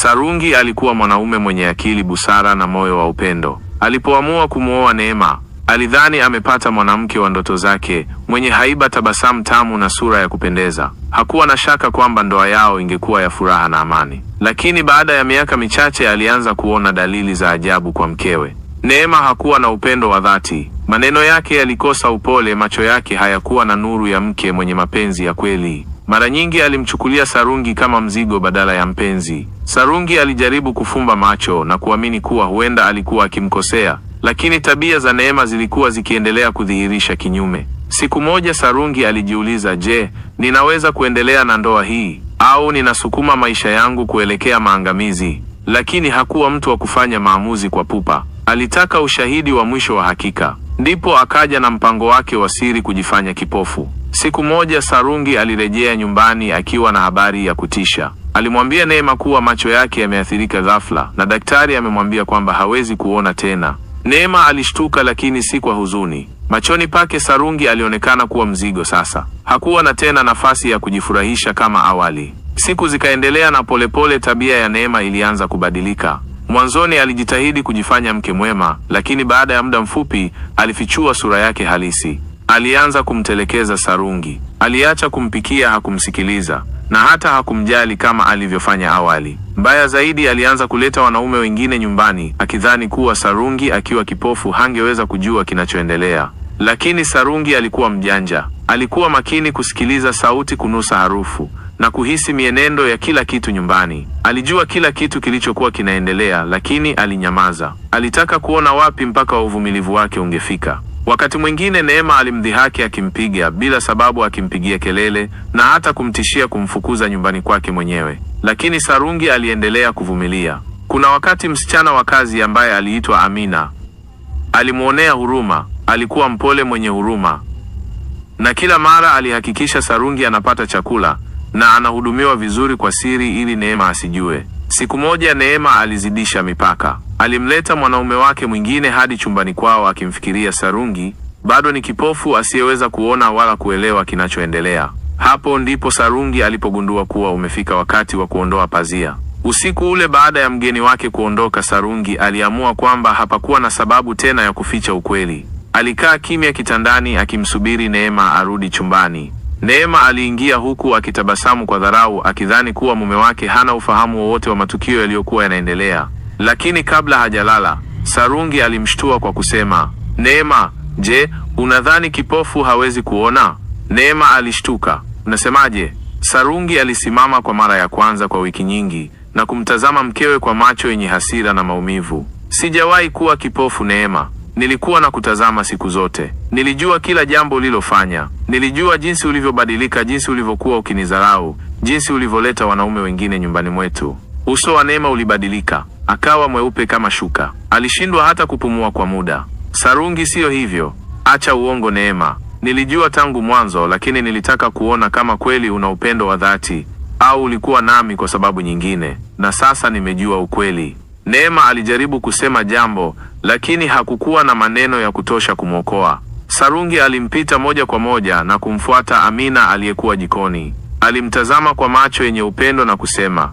Sarungi alikuwa mwanaume mwenye akili, busara na moyo wa upendo. Alipoamua kumwoa Neema, alidhani amepata mwanamke wa ndoto zake, mwenye haiba, tabasamu tamu na sura ya kupendeza. Hakuwa na shaka kwamba ndoa yao ingekuwa ya furaha na amani, lakini baada ya miaka michache alianza kuona dalili za ajabu kwa mkewe. Neema hakuwa na upendo wa dhati, maneno yake yalikosa upole, macho yake hayakuwa na nuru ya mke mwenye mapenzi ya kweli. Mara nyingi alimchukulia Sarungi kama mzigo badala ya mpenzi. Sarungi alijaribu kufumba macho na kuamini kuwa huenda alikuwa akimkosea, lakini tabia za Neema zilikuwa zikiendelea kudhihirisha kinyume. Siku moja Sarungi alijiuliza, je, ninaweza kuendelea na ndoa hii au ninasukuma maisha yangu kuelekea maangamizi? Lakini hakuwa mtu wa kufanya maamuzi kwa pupa. Alitaka ushahidi wa mwisho wa hakika. Ndipo akaja na mpango wake wa siri kujifanya kipofu. Siku moja Sarungi alirejea nyumbani akiwa na habari ya kutisha. Alimwambia Neema kuwa macho yake yameathirika ghafla na daktari amemwambia kwamba hawezi kuona tena. Neema alishtuka, lakini si kwa huzuni. Machoni pake Sarungi alionekana kuwa mzigo sasa. Hakuwa na tena nafasi ya kujifurahisha kama awali. Siku zikaendelea na polepole pole tabia ya Neema ilianza kubadilika. Mwanzoni alijitahidi kujifanya mke mwema, lakini baada ya muda mfupi alifichua sura yake halisi. Alianza kumtelekeza Sarungi, aliacha kumpikia, hakumsikiliza na hata hakumjali kama alivyofanya awali. Mbaya zaidi, alianza kuleta wanaume wengine nyumbani, akidhani kuwa Sarungi akiwa kipofu hangeweza kujua kinachoendelea. Lakini Sarungi alikuwa mjanja, alikuwa makini kusikiliza sauti, kunusa harufu na kuhisi mienendo ya kila kitu nyumbani. Alijua kila kitu kilichokuwa kinaendelea, lakini alinyamaza. Alitaka kuona wapi mpaka wa uvumilivu wake ungefika. Wakati mwingine Neema alimdhihaki akimpiga bila sababu, akimpigia kelele na hata kumtishia kumfukuza nyumbani kwake mwenyewe, lakini Sarungi aliendelea kuvumilia. Kuna wakati msichana wa kazi ambaye aliitwa Amina alimwonea huruma. Alikuwa mpole, mwenye huruma, na kila mara alihakikisha Sarungi anapata chakula na anahudumiwa vizuri kwa siri, ili Neema asijue. Siku moja Neema alizidisha mipaka. Alimleta mwanaume wake mwingine hadi chumbani kwao, akimfikiria Sarungi bado ni kipofu asiyeweza kuona wala kuelewa kinachoendelea. Hapo ndipo Sarungi alipogundua kuwa umefika wakati wa kuondoa pazia. Usiku ule baada ya mgeni wake kuondoka, Sarungi aliamua kwamba hapakuwa na sababu tena ya kuficha ukweli. Alikaa kimya kitandani akimsubiri Neema arudi chumbani. Neema aliingia huku akitabasamu kwa dharau, akidhani kuwa mume wake hana ufahamu wowote wa matukio yaliyokuwa yanaendelea. Lakini kabla hajalala, Sarungi alimshtua kwa kusema, Neema, je, unadhani kipofu hawezi kuona? Neema alishtuka. Unasemaje? Sarungi alisimama kwa mara ya kwanza kwa wiki nyingi na kumtazama mkewe kwa macho yenye hasira na maumivu. Sijawahi kuwa kipofu Neema, nilikuwa na kutazama siku zote. Nilijua kila jambo ulilofanya, nilijua jinsi ulivyobadilika, jinsi ulivyokuwa ukinizarau, jinsi ulivyoleta wanaume wengine nyumbani mwetu. Uso wa Neema ulibadilika, akawa mweupe kama shuka. Alishindwa hata kupumua kwa muda. Sarungi, siyo hivyo, acha uongo Neema, nilijua tangu mwanzo, lakini nilitaka kuona kama kweli una upendo wa dhati au ulikuwa nami kwa sababu nyingine, na sasa nimejua ukweli. Neema alijaribu kusema jambo, lakini hakukuwa na maneno ya kutosha kumwokoa. Sarungi alimpita moja kwa moja na kumfuata Amina aliyekuwa jikoni. Alimtazama kwa macho yenye upendo na kusema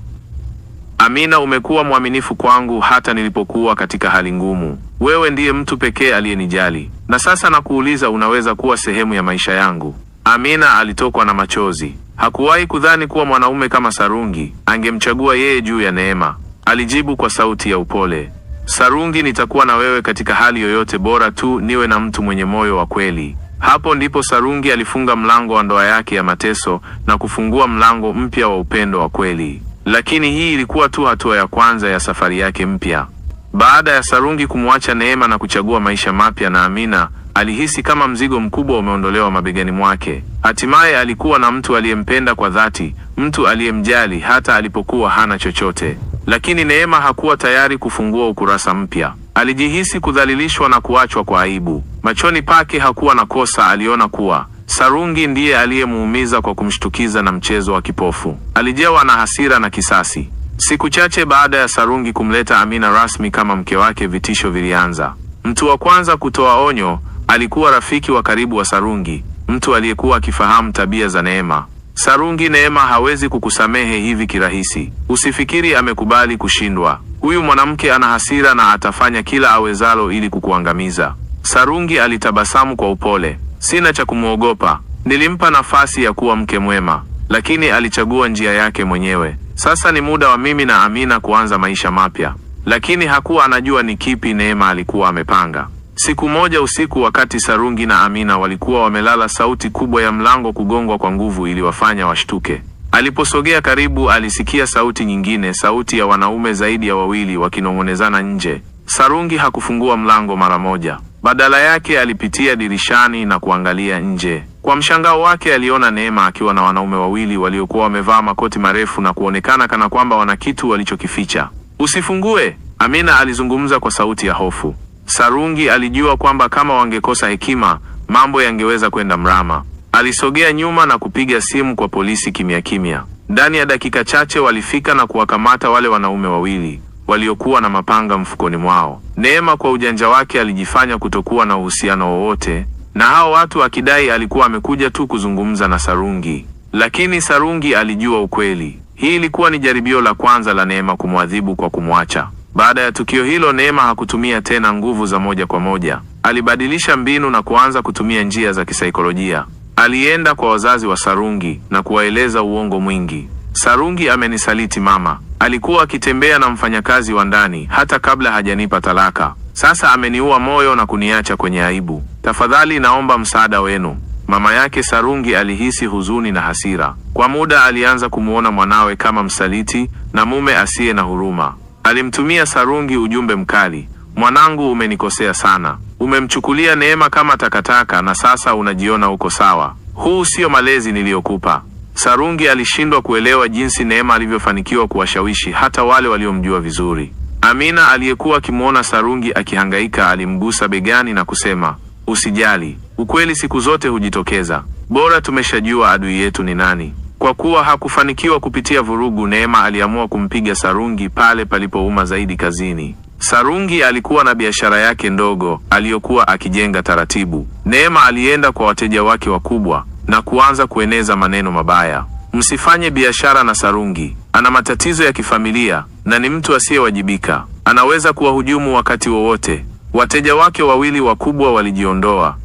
Amina, umekuwa mwaminifu kwangu hata nilipokuwa katika hali ngumu. Wewe ndiye mtu pekee aliyenijali, na sasa nakuuliza, unaweza kuwa sehemu ya maisha yangu? Amina alitokwa na machozi. Hakuwahi kudhani kuwa mwanaume kama Sarungi angemchagua yeye juu ya Neema. Alijibu kwa sauti ya upole, Sarungi, nitakuwa na wewe katika hali yoyote, bora tu niwe na mtu mwenye moyo wa kweli. Hapo ndipo Sarungi alifunga mlango wa ndoa yake ya mateso na kufungua mlango mpya wa upendo wa kweli. Lakini hii ilikuwa tu hatua ya kwanza ya safari yake mpya. Baada ya Sarungi kumwacha Neema na kuchagua maisha mapya na Amina, alihisi kama mzigo mkubwa umeondolewa mabegani mwake. Hatimaye alikuwa na mtu aliyempenda kwa dhati, mtu aliyemjali hata alipokuwa hana chochote. Lakini Neema hakuwa tayari kufungua ukurasa mpya. Alijihisi kudhalilishwa na kuachwa kwa aibu. Machoni pake hakuwa na kosa, aliona kuwa Sarungi ndiye aliyemuumiza kwa kumshtukiza na mchezo wa kipofu. Alijewa na hasira na kisasi. Siku chache baada ya Sarungi kumleta Amina rasmi kama mke wake, vitisho vilianza. Mtu wa kwanza kutoa onyo alikuwa rafiki wa karibu wa Sarungi, mtu aliyekuwa akifahamu tabia za Neema. Sarungi, Neema hawezi kukusamehe hivi kirahisi. Usifikiri amekubali kushindwa. Huyu mwanamke ana hasira na atafanya kila awezalo ili kukuangamiza. Sarungi alitabasamu kwa upole. Sina cha kumwogopa. Nilimpa nafasi ya kuwa mke mwema, lakini alichagua njia yake mwenyewe. Sasa ni muda wa mimi na Amina kuanza maisha mapya, lakini hakuwa anajua ni kipi Neema alikuwa amepanga. Siku moja usiku, wakati Sarungi na Amina walikuwa wamelala, sauti kubwa ya mlango kugongwa kwa nguvu iliwafanya washtuke. Aliposogea karibu, alisikia sauti nyingine, sauti ya wanaume zaidi ya wawili wakinong'onezana nje. Sarungi hakufungua mlango mara moja. Badala yake alipitia dirishani na kuangalia nje. Kwa mshangao wake, aliona Neema akiwa na wanaume wawili waliokuwa wamevaa makoti marefu na kuonekana kana kwamba wana kitu walichokificha. Usifungue, Amina alizungumza kwa sauti ya hofu. Sarungi alijua kwamba kama wangekosa hekima, mambo yangeweza kwenda mrama. Alisogea nyuma na kupiga simu kwa polisi kimya kimya. Ndani ya dakika chache walifika na kuwakamata wale wanaume wawili waliokuwa na mapanga mfukoni mwao. Neema kwa ujanja wake alijifanya kutokuwa na uhusiano wowote na hao watu, akidai alikuwa amekuja tu kuzungumza na Sarungi, lakini Sarungi alijua ukweli. Hii ilikuwa ni jaribio la kwanza la Neema kumwadhibu kwa kumwacha. Baada ya tukio hilo, Neema hakutumia tena nguvu za moja kwa moja. Alibadilisha mbinu na kuanza kutumia njia za kisaikolojia. Alienda kwa wazazi wa Sarungi na kuwaeleza uongo mwingi. Sarungi amenisaliti mama, Alikuwa akitembea na mfanyakazi wa ndani hata kabla hajanipa talaka. Sasa ameniua moyo na kuniacha kwenye aibu. Tafadhali naomba msaada wenu. Mama yake Sarungi alihisi huzuni na hasira. Kwa muda alianza kumwona mwanawe kama msaliti na mume asiye na huruma. Alimtumia Sarungi ujumbe mkali: mwanangu, umenikosea sana, umemchukulia Neema kama takataka na sasa unajiona uko sawa. Huu sio malezi niliyokupa. Sarungi alishindwa kuelewa jinsi Neema alivyofanikiwa kuwashawishi hata wale waliomjua vizuri. Amina aliyekuwa akimwona Sarungi akihangaika alimgusa begani na kusema, usijali, ukweli siku zote hujitokeza, bora tumeshajua adui yetu ni nani. Kwa kuwa hakufanikiwa kupitia vurugu, Neema aliamua kumpiga Sarungi pale palipouma zaidi kazini. Sarungi alikuwa na biashara yake ndogo aliyokuwa akijenga taratibu. Neema alienda kwa wateja wake wakubwa na kuanza kueneza maneno mabaya. Msifanye biashara na Sarungi, ana matatizo ya kifamilia na ni mtu asiyewajibika, anaweza kuwahujumu wakati wowote. Wateja wake wawili wakubwa walijiondoa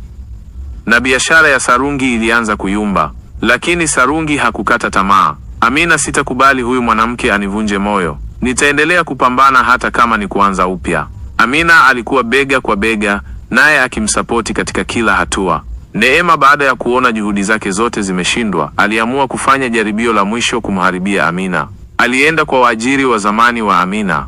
na biashara ya Sarungi ilianza kuyumba, lakini Sarungi hakukata tamaa. Amina, sitakubali huyu mwanamke anivunje moyo, nitaendelea kupambana hata kama ni kuanza upya. Amina alikuwa bega kwa bega naye akimsapoti katika kila hatua. Neema baada ya kuona juhudi zake zote zimeshindwa, aliamua kufanya jaribio la mwisho kumharibia Amina. Alienda kwa waajiri wa zamani wa Amina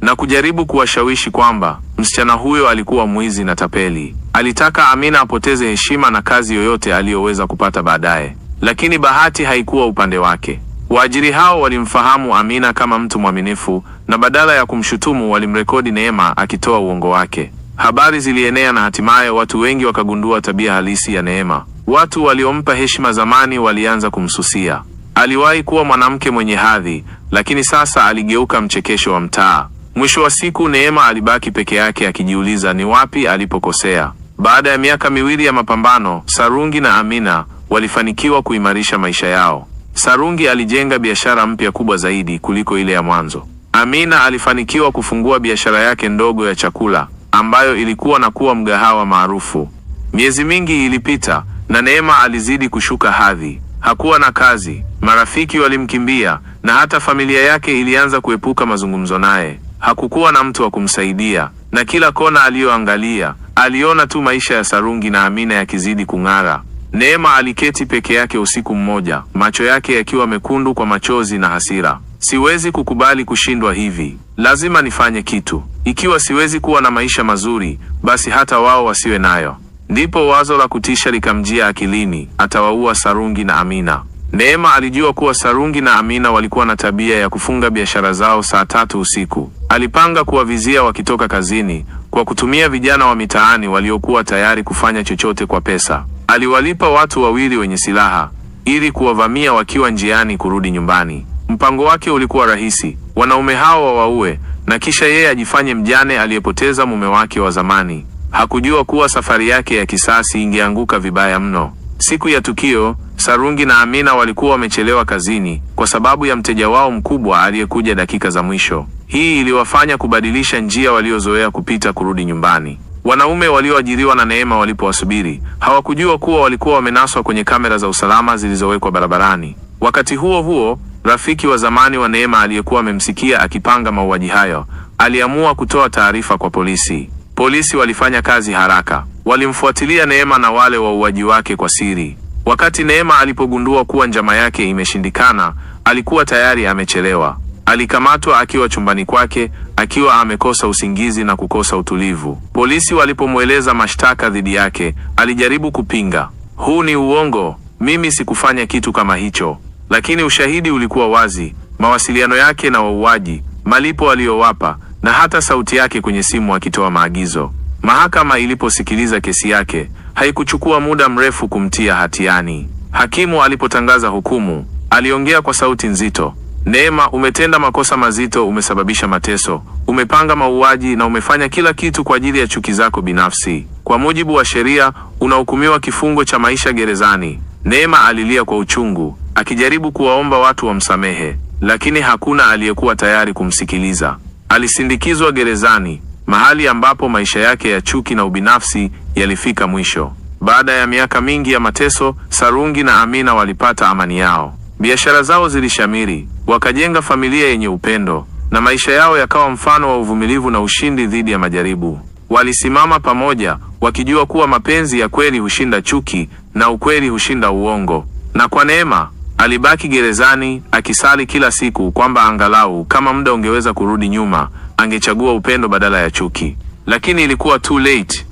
na kujaribu kuwashawishi kwamba msichana huyo alikuwa mwizi na tapeli. Alitaka Amina apoteze heshima na kazi yoyote aliyoweza kupata baadaye, lakini bahati haikuwa upande wake. Waajiri hao walimfahamu Amina kama mtu mwaminifu na badala ya kumshutumu walimrekodi Neema akitoa uongo wake. Habari zilienea na hatimaye watu wengi wakagundua tabia halisi ya Neema. Watu waliompa heshima zamani walianza kumsusia. Aliwahi kuwa mwanamke mwenye hadhi, lakini sasa aligeuka mchekesho wa mtaa. Mwisho wa siku, Neema alibaki peke yake akijiuliza ni wapi alipokosea. Baada ya miaka miwili ya mapambano, Sarungi na Amina walifanikiwa kuimarisha maisha yao. Sarungi alijenga biashara mpya kubwa zaidi kuliko ile ya mwanzo. Amina alifanikiwa kufungua biashara yake ndogo ya chakula ambayo ilikuwa na kuwa mgahawa maarufu. Miezi mingi ilipita na Neema alizidi kushuka hadhi. Hakuwa na kazi, marafiki walimkimbia na hata familia yake ilianza kuepuka mazungumzo naye. Hakukuwa na mtu wa kumsaidia, na kila kona aliyoangalia aliona tu maisha ya Sarungi na Amina yakizidi kung'ara. Neema aliketi peke yake usiku mmoja, macho yake yakiwa mekundu kwa machozi na hasira. Siwezi kukubali kushindwa hivi, lazima nifanye kitu. Ikiwa siwezi kuwa na maisha mazuri, basi hata wao wasiwe nayo. Ndipo wazo la kutisha likamjia akilini, atawaua Sarungi na Amina. Neema alijua kuwa Sarungi na Amina walikuwa na tabia ya kufunga biashara zao saa tatu usiku. Alipanga kuwavizia wakitoka kazini kwa kutumia vijana wa mitaani waliokuwa tayari kufanya chochote kwa pesa. Aliwalipa watu wawili wenye silaha ili kuwavamia wakiwa njiani kurudi nyumbani. Mpango wake ulikuwa rahisi: wanaume hao wawaue na kisha yeye ajifanye mjane aliyepoteza mume wake wa zamani. Hakujua kuwa safari yake ya kisasi ingeanguka vibaya mno. Siku ya tukio, Sarungi na Amina walikuwa wamechelewa kazini kwa sababu ya mteja wao mkubwa aliyekuja dakika za mwisho. Hii iliwafanya kubadilisha njia waliozoea kupita kurudi nyumbani. Wanaume walioajiriwa na Neema walipowasubiri, hawakujua kuwa walikuwa wamenaswa kwenye kamera za usalama zilizowekwa barabarani. Wakati huo huo Rafiki wa zamani wa Neema aliyekuwa amemsikia akipanga mauaji hayo aliamua kutoa taarifa kwa polisi. Polisi walifanya kazi haraka, walimfuatilia Neema na wale wauaji wake kwa siri. Wakati Neema alipogundua kuwa njama yake imeshindikana, alikuwa tayari amechelewa. Alikamatwa akiwa chumbani kwake akiwa amekosa usingizi na kukosa utulivu. Polisi walipomweleza mashtaka dhidi yake, alijaribu kupinga. Huu ni uongo, mimi sikufanya kitu kama hicho lakini ushahidi ulikuwa wazi: mawasiliano yake na wauaji, malipo aliyowapa, na hata sauti yake kwenye simu akitoa maagizo. Mahakama iliposikiliza kesi yake, haikuchukua muda mrefu kumtia hatiani. Hakimu alipotangaza hukumu, aliongea kwa sauti nzito: Neema, umetenda makosa mazito, umesababisha mateso, umepanga mauaji na umefanya kila kitu kwa ajili ya chuki zako binafsi. Kwa mujibu wa sheria, unahukumiwa kifungo cha maisha gerezani. Neema alilia kwa uchungu, akijaribu kuwaomba watu wamsamehe, lakini hakuna aliyekuwa tayari kumsikiliza. Alisindikizwa gerezani, mahali ambapo maisha yake ya chuki na ubinafsi yalifika mwisho. Baada ya miaka mingi ya mateso, Sarungi na Amina walipata amani yao. Biashara zao zilishamiri, wakajenga familia yenye upendo na maisha yao yakawa mfano wa uvumilivu na ushindi dhidi ya majaribu. Walisimama pamoja, wakijua kuwa mapenzi ya kweli hushinda chuki na ukweli hushinda uongo. Na kwa neema Alibaki gerezani akisali kila siku kwamba angalau kama muda ungeweza kurudi nyuma, angechagua upendo badala ya chuki, lakini ilikuwa too late.